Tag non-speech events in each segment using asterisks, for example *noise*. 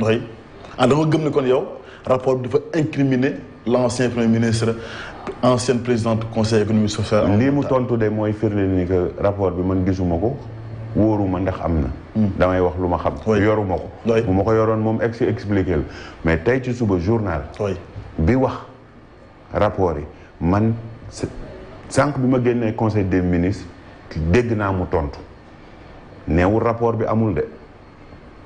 oui ah dama gëm ni kon yow rapport bi dafa incriminer l'ancien premier ministre ancienne présidente conseil économique social. lii mu tontu des mooy firnde ni que rapport bi man gisuma ko wóoruma ndax am na. Hmm. damay wax lu ma xam. yoruma ko. bu ma ko yoroon moom ex expliqué la mais tey ci suba journal. bi wax rapport yi man sànq bi ma conseil des ministres dégg naa mu tontu neewul rapport bi amul de.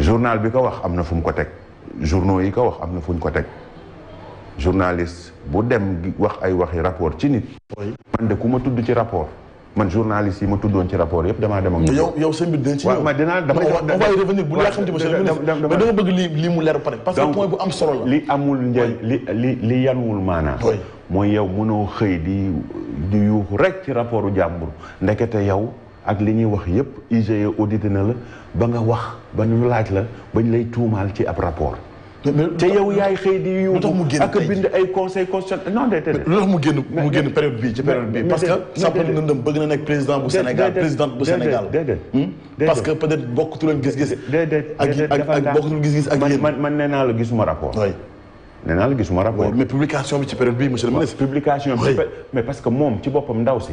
journal bi ko wax am na fu mu ko teg journaux yi ko wax am na fu ñu ko teg journaliste bu dem wax ay waxi rapport ci nit. man de ku ma tudd ci rapport. man journaliste yi ma tuddoon ci rapport yëpp damaa dem ak. yow yow sëñ bi dinañ ci ñëw ma dinaa damay on va revenir bu yàqante monsieur le ministre mais lii lii mu leer pare. parce que point bu am solo la. li amul njëriñ li li li yanuwul maanaa. mooy yow mënoo xëy di di yuuxu rek ci rapportu jàmbur ndekete yow. ak li ñuy wax yépp IGE audité na la ba nga wax ba ñu laaj la bañ lay tuumaal ci ab rapport. te yow yaay xëy di yu ak bind ay conseil constitutionnel non déedéet. lu tax mu génn mu génn période bii ci période bii. parce que Sampal Ngandam bëgg na nekk président bu Sénégal présidente bu Sénégal. Hmm? parce que peut-être bokkatu leen gis-gis. déedéet ak ak bokkatu gis-gis ak yéen. man man nee naa la gisuma rapport. oui nee naa la gisuma rapport. mais publication bi ci période bii monsieur le ministre. publication bi mais parce que moom ci boppam ndaw si.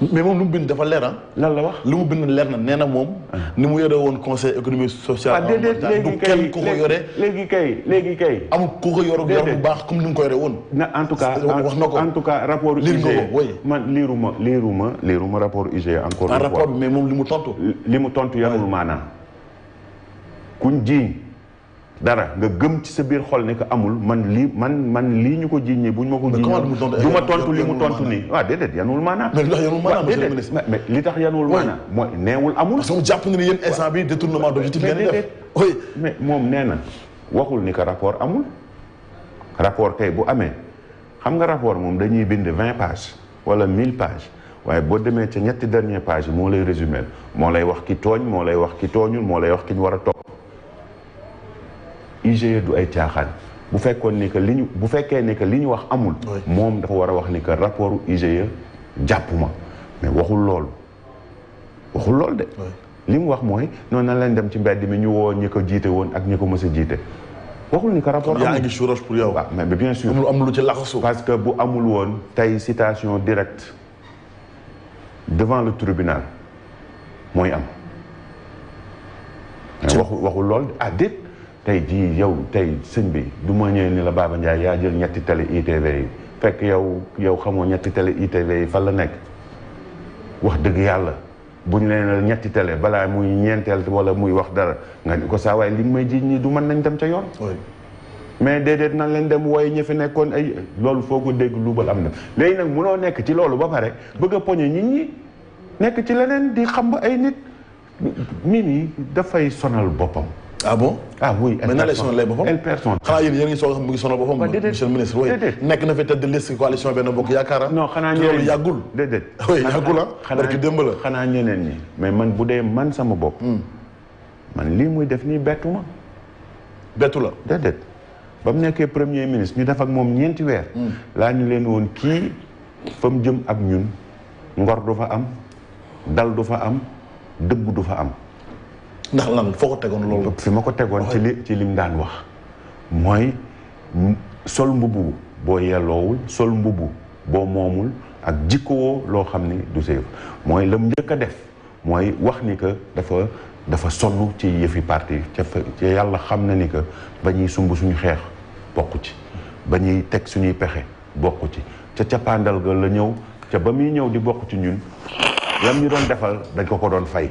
mais moom lu mu bind dafa leer ah. lan la wax lu mu bind leer na nee na moom. Ah. ni mu yore woon conseil économique social. ah déedéet léegi kay du kenn ku ko yore. léegi kay léegi kay. amul ku ko yor bu baax comme ni mu ko yore woon. na en tout cas wax na ko en tout cas rapport. liir nga e. ko oui man liiruma liiruma liiruma rapport UG e encore. une fois rapport mais moom li mu tontu. li mu tontu yarul maanaam kuñ jiiñ. dara nga gëm ci sa biir xol ne ko amul man li man man li ñu ko jiññee buñ mako ko du ma tontu li mu tontu ni wa ah, dedet yanul mana mais li yanul mana monsieur le ministre mais li tax yanul mana moy neewul amul sama japp jàpp nga ne yéen instant bi détournement d'objectif ngeen def oui mais mom nee waxul ni ko rapport amul rapport tay bu amé xam nga rapport mom dañuy bind 20 pages wala 1000 pages waye bo demee ci ñetti dernier page mo lay résumé mo lay wax ki togn mo lay wax ki toñul mo lay wax ki ñu war IGE du ay caaxaan bu fekkone ni que liñu bu fekke ni que liñu wax amul mom dafa wara wax ni que rapportu IGE jappuma mais waxul loolu waxul loolu de li wax moy non nan lañ dem ci mbedd mi ñu wo ñiko jité won ak ñiko mësa jité waxul ni que rapport ya ngi surage pour yow mais bien sûr amul lu ci laxasu parce que bu amul won tay citation direct devant le tribunal moy am waxul waxul loolu ah déet tey jii yow tey sëñ bi du ma ñëwee ni la baaba Ndiaye yaa jël ñetti télé ITV yi fekk yow yow xamoo ñetti télé ITV yi fan la nekk wax dëgg yàlla bu ñu leen ñetti tele balaa muy ñeenteel wala muy wax dara nga ni ko saa waaye li may ji nii du mën nañ dem ca yoon. mais déedéet nan leen dem wooye ñi fi nekkoon ay loolu foo ko dégg luubal am na léegi nag munoo nekk ci loolu ba pare bëgg a poñe nit ñi nekk ci leneen di xam ba ay nit nit ñi dafay sonal boppam. ah bon ah oui mais nan lay sonalee boppam elle perd son ah, temps xanaa ngi soog a xam monsieur le ministre oui nekk na fi de liste coalition benn bokk Yakara. Ah. non xanaa loolu yàggul déedéet *laughs* oui yàggul ah parce que démb la xanaa ñeneen ñi mais man bu dee man sama bopp hmm. man lui, muy def nii bettu ma bettu la déedéet ba mu premier ministre ñu def ak moom ñeenti hmm. Là, nous ñu qui, woon kii fa jëm ak ñun ngor du fa am dal du fa am dëgg du fa am ndax lan foo ko tegoon loolu. fi ma ko tegoon ci li ci lim daan wax mooy sol mbubu boo yelloowul sol mbubu boo moomul ak jikkoo loo xam ni du séef mooy la mu njëkk a def mooy wax ni que dafa dafa sonn ci yëfi parti ca fa yàlla xam na ni que ba ñuy sumb suñu xeex bokku ci ba ñuy teg suñuy pexe bokku ci ca cappaandal ga la ñëw ca ba muy ñëw di bokk ci ñun lam ñu doon defal dañ ko ko doon fay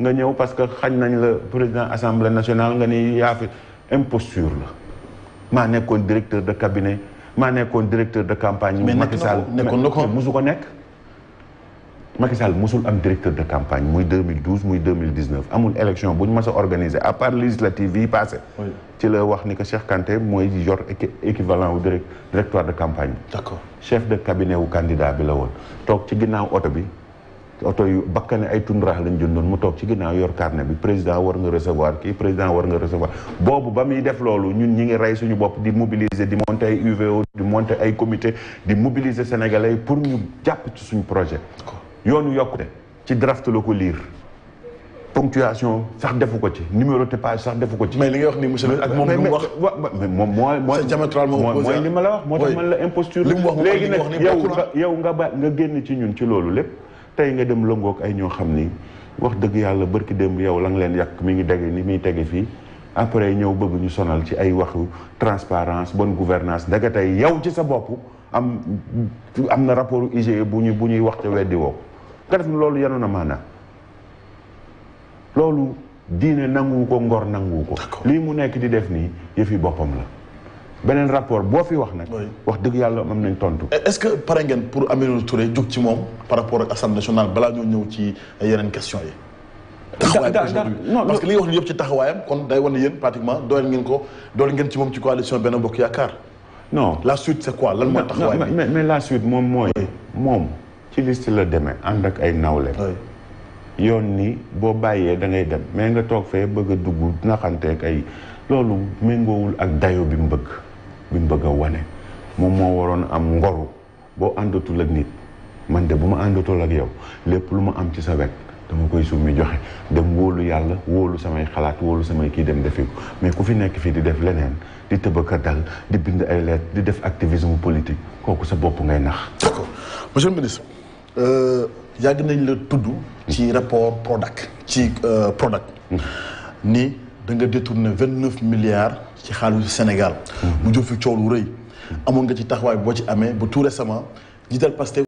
nga ñëw parce que xañ nañ le président assemblée nationale nga ni yaa imposture la ma nekkoon directeur de cabinet ma nekkoon directeur de campagne. mais Macky Sall nekkoon ko musu ko nekk. Macky Sall musul am directeur de campagne muy 2012 muy 2019 amul élection bu ñu mës organiser à part législative yi passé ci la wax ni que Cheikh Kanté mooy yor équivalent au directeur de campagne. d'accord chef de cabinet ou candidat bi la woon toog ci ginnaaw oto bi. oto yu bakkane ay tundraax lañ jëndoon mu toog ci ginnaaw yor carnet bi président war nga recevoir kii président war nga recevoir boobu ba muy def loolu ñun ñi ngi rey suñu bopp di mobiliser di monter ay UVO di monter ay comité di mobiliser sénégalais pour ñu jàpp suñu projet yoonu yokkute ci draft la ko liir ponctuation sax defu ko ci numéroté page sax defu ko ci. mais li ngay wax ni monsieur ak moom lu mu wax. mais moom mooy mooy mooy li ma la wax moo tax man la imposture léegi nag yow yow nga ba nga génn ci ñun ci loolu lépp tay nga dem lëngoog ay ño xamni wax deug yalla barki dem yow lang nga leen yàq mi ngi dege ni mi tege fi après ñew bëgg ñu sonal ci ay waxu transparence bonne gouvernance daga tay yow ci sa bop am am rapport IGE bu ñu bu ñuy wax ca wéddi wo nga def loolu yanu na mana loolu diine nangu ko ngor nangu ko li mu nekk di def ni yefi bopam la beneen rapport boo fi wax nag. wax deug yalla am nañ tontu. est-ce que pare ngeen pour Aminata Touré djuk ci mom par rapport ak assemblée nationale bala ñoo ñëw ci yeneen question yi. taxawaayam parce que li wax ni yëpp ci taxawayam kon day wone yeen pratiquement dooleel ngeen ko dooleel ngeen ci mom ci coalition Benno Bokk yakar non la suite c'est quoi lan mooy taxawaay mais mais la suite mom moy mom ci liste la demee ànd ak ay nawle. yoon ni boo bàyyee da ngay dem mais nga tok fee bëgg a dugg naxanteeg ay lolu méngoowul ak dayo bi mu bëgg. bi mu bëgg a wane moom moo waroon am ngoru boo àndatul ak nit man de bu ma àndatul ak yow lépp lu ma am ci sa wet dama koy summi joxe dem wóolu yàlla wóolu samay xalaat wóolu samay kii dem defi mais ku fi nekk fii di def leneen di tëbëka dal di bind ay lettres di def activisme politique kooku sa bopp ngay nax. d'accord monsieur le ministre euh, yàgg nañ la tudd. ci rapport Prodac. ci euh, Prodac. Mm-hmm. ni da nga détourné vingt neuf milliards. ci xaalisu Sénégal. Mm-hmm. mu jur fi coow lu rëy. amoon nga ci taxawaay boo ci amee ba tout sama jiital Pastef